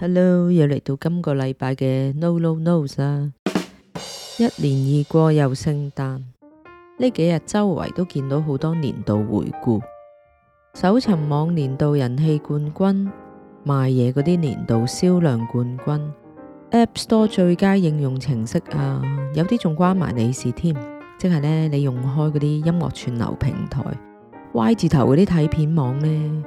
Hello，又嚟到今個禮拜嘅 No No No 啦！一年二過又聖誕，呢幾日周圍都見到好多年度回顧，搜尋網年度人氣冠軍、賣嘢嗰啲年度銷量冠軍、App Store 最佳應用程式啊，有啲仲關埋你事添，即係呢，你用開嗰啲音樂串流平台、Y 字頭嗰啲睇片網呢。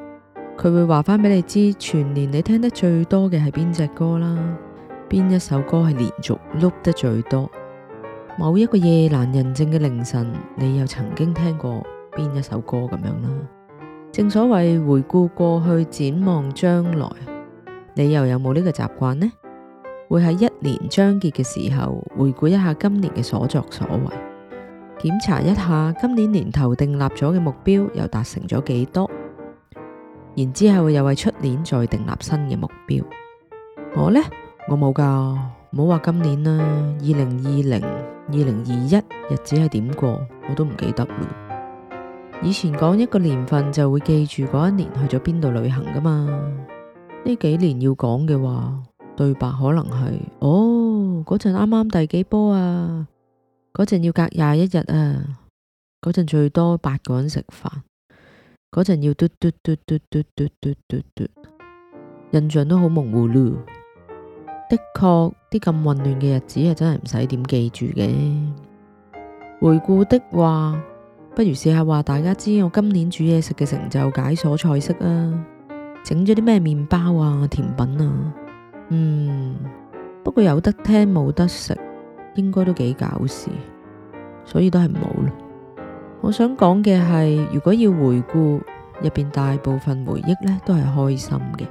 佢會話翻畀你知，全年你聽得最多嘅係邊隻歌啦，邊一首歌係連續錄得最多。某一個夜闌人靜嘅凌晨，你又曾經聽過邊一首歌咁樣啦？正所謂回顧過去，展望將來，你又有冇呢個習慣呢？會喺一年將結嘅時候，回顧一下今年嘅所作所為，檢查一下今年年頭訂立咗嘅目標又達成咗幾多？然之後又為出年再訂立新嘅目標。我呢？我冇噶，唔好話今年啦。二零二零、二零二一日子係點過，我都唔記得咯。以前講一個年份就會記住嗰一年去咗邊度旅行噶嘛。呢幾年要講嘅話，對白可能係：哦，嗰陣啱啱第幾波啊？嗰陣要隔廿一日啊？嗰陣最多八個人食飯。嗰陣要嘟嘟嘟嘟嘟嘟嘟嘟，印象都好模糊咯。的確啲咁混亂嘅日子係真係唔使點記住嘅。回顧的話，不如試下話大家知我今年煮嘢食嘅成就，解鎖菜式啊，整咗啲咩麵包啊，甜品啊。嗯，不過有得聽冇得食，應該都幾搞事，所以都係唔好啦。我想講嘅係，如果要回顧入邊大部分回憶都係開心嘅。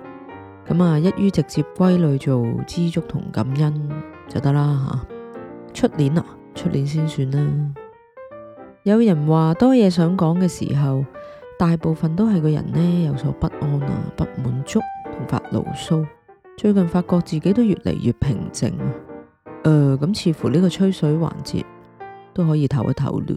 咁啊，一於直接歸類做知足同感恩就得啦吓。出年啊，出年先算啦。有人話多嘢想講嘅時候，大部分都係個人呢有所不安啊、不滿足同發牢騷。最近發覺自己都越嚟越平靜。誒、呃，咁似乎呢個吹水環節都可以唞一唞啦。